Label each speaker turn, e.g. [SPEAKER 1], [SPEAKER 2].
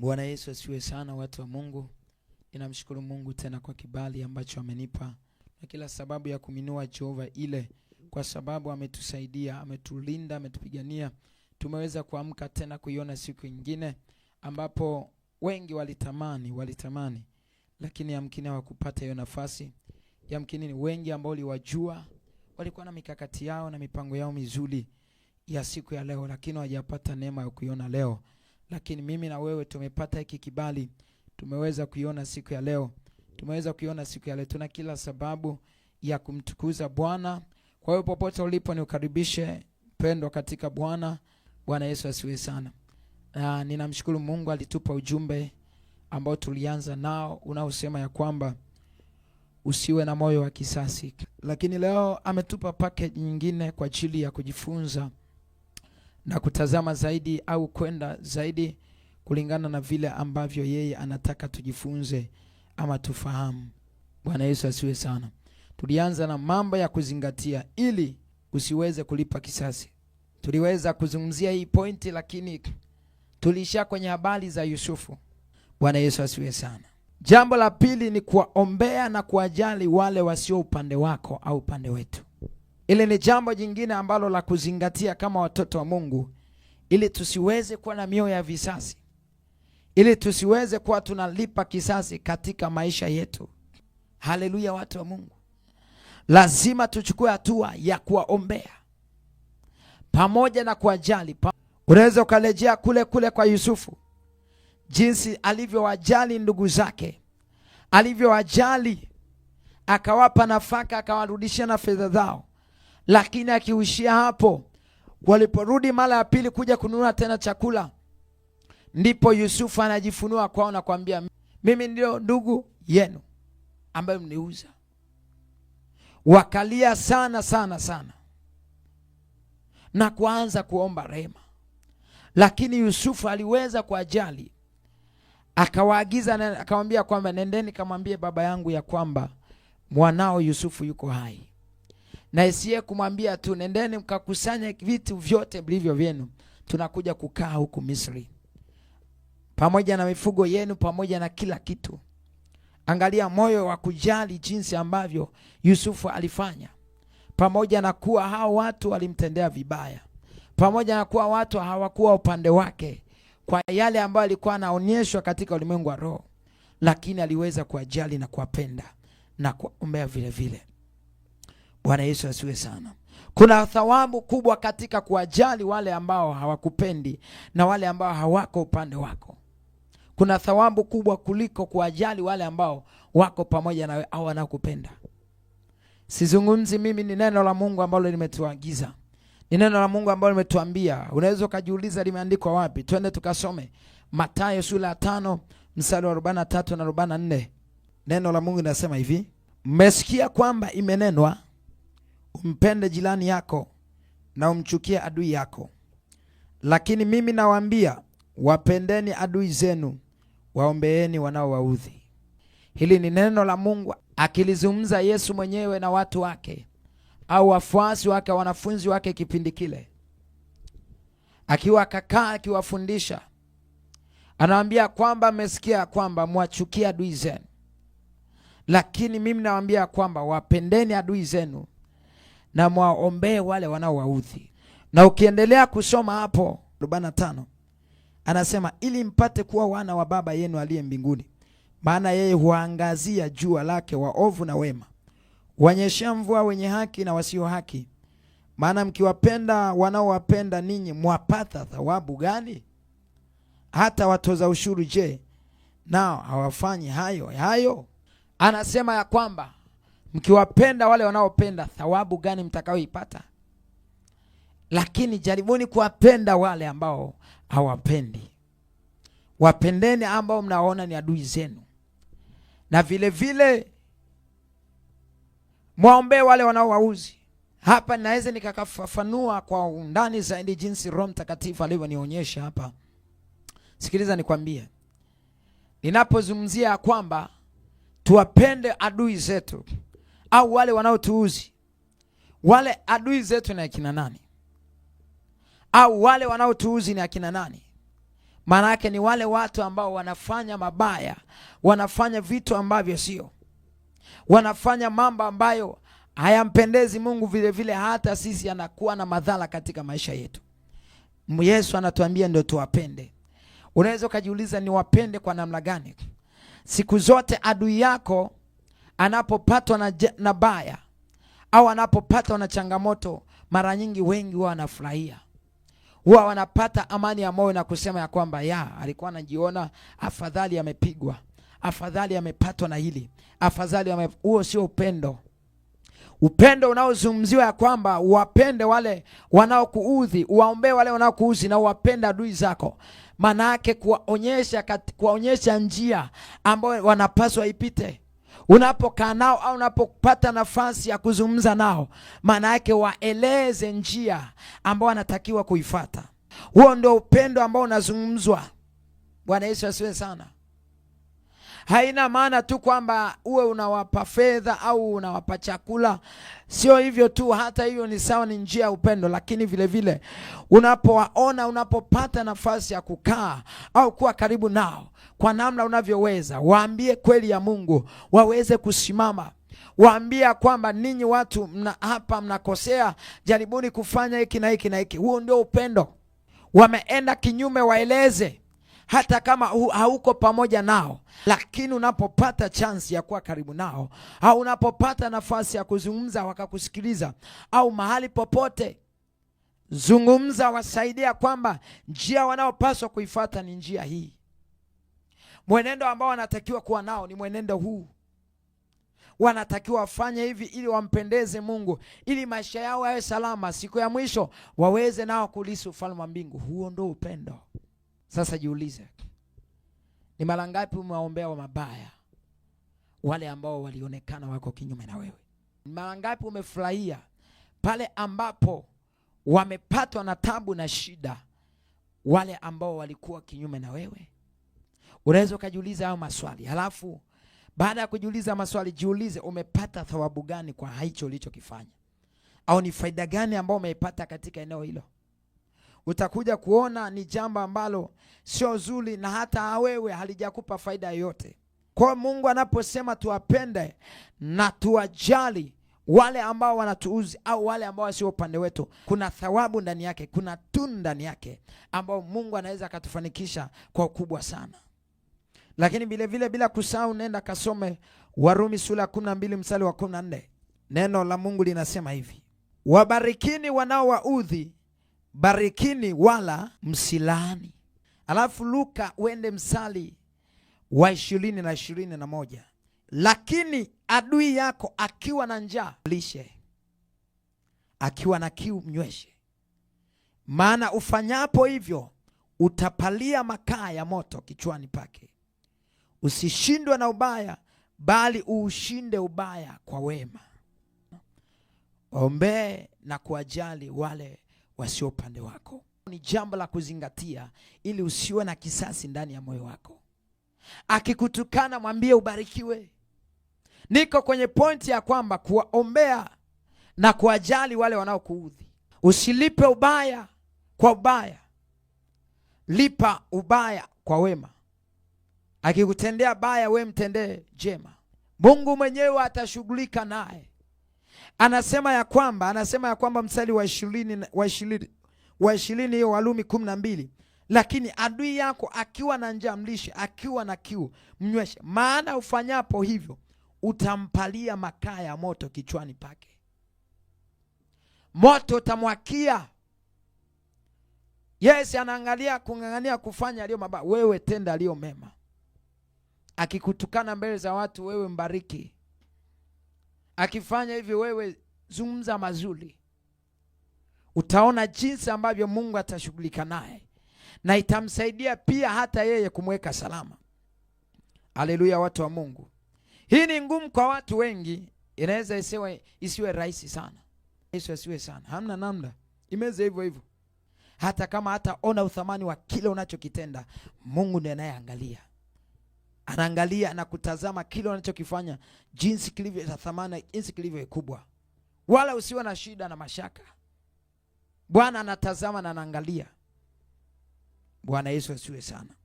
[SPEAKER 1] Bwana Yesu asiwe sana, watu wa Mungu. Ninamshukuru Mungu tena kwa kibali ambacho amenipa na kila sababu ya kuminua Jehova ile, kwa sababu ametusaidia, ametulinda, ametupigania. Tumeweza kuamka tena kuiona siku nyingine ambapo wengi walitamani, walitamani lakini yamkini hawakupata hiyo nafasi. Yamkini ni wengi ambao liwajua walikuwa na mikakati yao na mipango yao mizuri ya siku ya leo, lakini hawajapata neema ya kuiona leo lakini mimi na wewe tumepata hiki kibali, tumeweza kuiona siku ya leo, tumeweza kuiona siku ya leo. Tuna kila sababu ya kumtukuza Bwana. Kwa hiyo popote ulipo, niukaribishe mpendwa katika Bwana. Bwana Yesu asiwe sana. Na ninamshukuru Mungu alitupa ujumbe ambao tulianza nao unaosema ya kwamba usiwe na moyo wa kisasi, lakini leo ametupa package nyingine kwa ajili ya kujifunza na kutazama zaidi au kwenda zaidi kulingana na vile ambavyo yeye anataka tujifunze ama tufahamu. Bwana Yesu asiwe sana. Tulianza na mambo ya kuzingatia ili usiweze kulipa kisasi. Tuliweza kuzungumzia hii pointi, lakini tulisha kwenye habari za Yusufu. Bwana Yesu asiwe sana. Jambo la pili ni kuwaombea na kuwajali wale wasio upande wako au upande wetu. Ile ni jambo jingine ambalo la kuzingatia kama watoto wa Mungu, ili tusiweze kuwa na mioyo ya visasi, ili tusiweze kuwa tunalipa kisasi katika maisha yetu. Haleluya, watu wa Mungu, lazima tuchukue hatua ya kuwaombea pamoja na kuwajali. Unaweza ukarejea kule kule kwa Yusufu, jinsi alivyowajali ndugu zake, alivyowajali akawapa nafaka, akawarudishia na fedha zao lakini akiushia hapo. Waliporudi mara ya pili kuja kununua tena chakula, ndipo Yusufu anajifunua kwao na kuambia, mimi ndio ndugu yenu ambaye mniuza. Wakalia sana sana sana na kuanza kuomba rehema, lakini Yusufu aliweza kuajali, akawaagiza akawambia kwamba nendeni, kamwambie baba yangu ya kwamba mwanao Yusufu yuko hai na isiye kumwambia tu, nendeni mkakusanya vitu vyote vilivyo vyenu, tunakuja kukaa huku Misri, pamoja na mifugo yenu, pamoja na kila kitu. Angalia moyo wa kujali jinsi ambavyo Yusufu alifanya, pamoja na kuwa hao watu walimtendea vibaya, pamoja na kuwa watu hawakuwa upande wake kwa yale ambayo alikuwa anaonyeshwa katika ulimwengu wa roho, lakini aliweza kuwajali na kuwapenda na kuwaombea vile vile. Bwana Yesu asiwe sana. Kuna thawabu kubwa katika kuwajali wale ambao hawakupendi na wale ambao hawako upande wako. Kuna thawabu kubwa kuliko kuwajali wale ambao wako pamoja nawe au wanakupenda. Sizungumzi mimi, ni neno la Mungu ambalo limetuagiza, ni neno la Mungu ambalo limetuambia. Unaweza ukajiuliza limeandikwa wapi? Twende tukasome Mathayo sura ya tano mstari wa 43 na 44. Neno la Mungu linasema hivi: mmesikia kwamba imenenwa umpende jirani yako na umchukie adui yako. Lakini mimi nawaambia, wapendeni adui zenu, waombeeni wanaowaudhi. Hili ni neno la Mungu akilizungumza Yesu mwenyewe na watu wake au wafuasi wake, wanafunzi wake kipindi kile, akiwa akakaa akiwafundisha, anawambia kwamba mmesikia kwamba mwachukia adui zenu, lakini mimi nawaambia kwamba wapendeni adui zenu na mwaombee wale wanaowaudhi. Na ukiendelea kusoma hapo 45 anasema ili mpate kuwa wana wa Baba yenu aliye mbinguni, maana yeye huangazia jua lake waovu na wema, wanyeshea mvua wenye haki na wasio haki. Maana mkiwapenda wanaowapenda ninyi, mwapata thawabu gani? Hata watoza ushuru, je, nao hawafanyi hayo hayo? Anasema ya kwamba mkiwapenda wale wanaopenda thawabu gani mtakayoipata? Lakini jaribuni kuwapenda wale ambao hawapendi. Wapendeni ambao mnaona ni adui zenu, na vile vile mwaombee wale wanaowauzi. Hapa naweza nikafafanua kwa undani zaidi jinsi Roho Mtakatifu alivyonionyesha hapa. Sikiliza nikwambie, ninapozungumzia kwamba tuwapende adui zetu au wale wanaotuuzi, wale adui zetu ni akina nani? Au wale wanaotuuzi ni akina nani? Maana yake ni wale watu ambao wanafanya mabaya, wanafanya vitu ambavyo sio, wanafanya mambo ambayo hayampendezi Mungu. Vile vile hata sisi anakuwa na madhara katika maisha yetu. Yesu anatuambia ndio tuwapende. Unaweza ukajiuliza, niwapende kwa namna gani? Siku zote adui yako anapopatwa na, na baya au anapopatwa na changamoto, mara nyingi wengi huwa wanafurahia, huwa wanapata amani ya moyo na kusema ya kwamba ya alikuwa anajiona afadhali, amepigwa afadhali, amepatwa na hili afadhali ame... huo sio upendo. Upendo unaozungumziwa ya kwamba uwapende wale wanaokuudhi, uwaombee wale wanaokuudhi na uwapende adui zako, maana yake kuwaonyesha, kuwaonyesha njia ambayo wanapaswa ipite unapokaa nao au unapopata nafasi ya kuzungumza nao, maana yake waeleze njia ambayo wanatakiwa kuifata. Huo ndio upendo ambao unazungumzwa. Bwana Yesu asiwe sana. Haina maana tu kwamba uwe unawapa fedha au unawapa chakula, sio hivyo tu. Hata hiyo ni sawa, ni njia ya upendo, lakini vile vile unapowaona, unapopata nafasi ya kukaa au kuwa karibu nao, kwa namna unavyoweza, waambie kweli ya Mungu, waweze kusimama waambia kwamba ninyi watu mna, hapa mnakosea, jaribuni kufanya hiki na hiki na hiki. Huo ndio upendo. Wameenda kinyume, waeleze hata kama hauko pamoja nao, lakini unapopata chansi ya kuwa karibu nao au unapopata nafasi ya kuzungumza wakakusikiliza, au mahali popote zungumza, wasaidia kwamba njia wanaopaswa kuifata ni njia hii, mwenendo ambao wanatakiwa kuwa nao ni mwenendo huu wanatakiwa wafanye hivi ili wampendeze Mungu, ili maisha yao yawe salama, siku ya mwisho waweze nao kulisi ufalme wa mbingu. Huo ndio upendo. Sasa jiulize, ni mara ngapi umewaombea wa mabaya wale ambao walionekana wako kinyume na wewe? Ni mara ngapi umefurahia pale ambapo wamepatwa na tabu na shida wale ambao walikuwa kinyume na wewe? Unaweza ukajiuliza hayo maswali, halafu baada ya kujiuliza maswali, jiulize umepata thawabu gani kwa hicho ulichokifanya, au ni faida gani ambayo umeipata katika eneo hilo utakuja kuona ni jambo ambalo sio zuri na hata wewe halijakupa faida yoyote. Kwa Mungu anaposema tuwapende na tuwajali wale ambao wanatuuzi au wale ambao sio upande wetu, kuna thawabu ndani yake, kuna tunu ndani yake ambao Mungu anaweza akatufanikisha kwa ukubwa sana. Lakini vile vile bila kusahau, nenda kasome Warumi sura ya kumi na mbili mstari wa kumi na nne. Neno la Mungu linasema hivi, wabarikini wanaowaudhi barikini wala msilaani. Alafu Luka uende msali wa ishirini na ishirini na moja lakini adui yako akiwa na njaa lishe, akiwa na kiu mnyweshe, maana ufanyapo hivyo utapalia makaa ya moto kichwani pake. Usishindwe na ubaya, bali uushinde ubaya kwa wema. Ombee na kuwajali wale wasio upande wako. Ni jambo la kuzingatia ili usiwe na kisasi ndani ya moyo wako. Akikutukana mwambie ubarikiwe. Niko kwenye pointi ya kwamba kuwaombea na kuwajali wale wanaokuudhi. Usilipe ubaya kwa ubaya, lipa ubaya kwa wema. Akikutendea baya, we mtendee jema. Mungu mwenyewe atashughulika naye anasema ya kwamba anasema ya kwamba mstari wa ishirini wa ishirini wa ishirini hiyo Walumi kumi na mbili lakini adui yako akiwa na njaa mlishe, akiwa na kiu mnyweshe, maana ufanyapo hivyo utampalia makaa ya moto kichwani pake, moto utamwakia. yes anaangalia kung'ang'ania kufanya aliyo mabaya, wewe tenda aliyo mema. Akikutukana mbele za watu, wewe mbariki. Akifanya hivyo, wewe zungumza mazuri, utaona jinsi ambavyo Mungu atashughulika naye na itamsaidia pia hata yeye kumweka salama. Haleluya, watu wa Mungu. Hii ni ngumu kwa watu wengi, inaweza isiwe isiwe rahisi sana, Yesu asiwe sana, hamna namna, imeze hivyo hivyo, hata kama hata ona uthamani wa kile unachokitenda, Mungu ndiye anayeangalia anaangalia na kutazama kile unachokifanya jinsi kilivyo cha thamani, jinsi kilivyo kubwa, wala usiwe na shida na mashaka. Bwana anatazama na anaangalia. Bwana Yesu asiwe sana.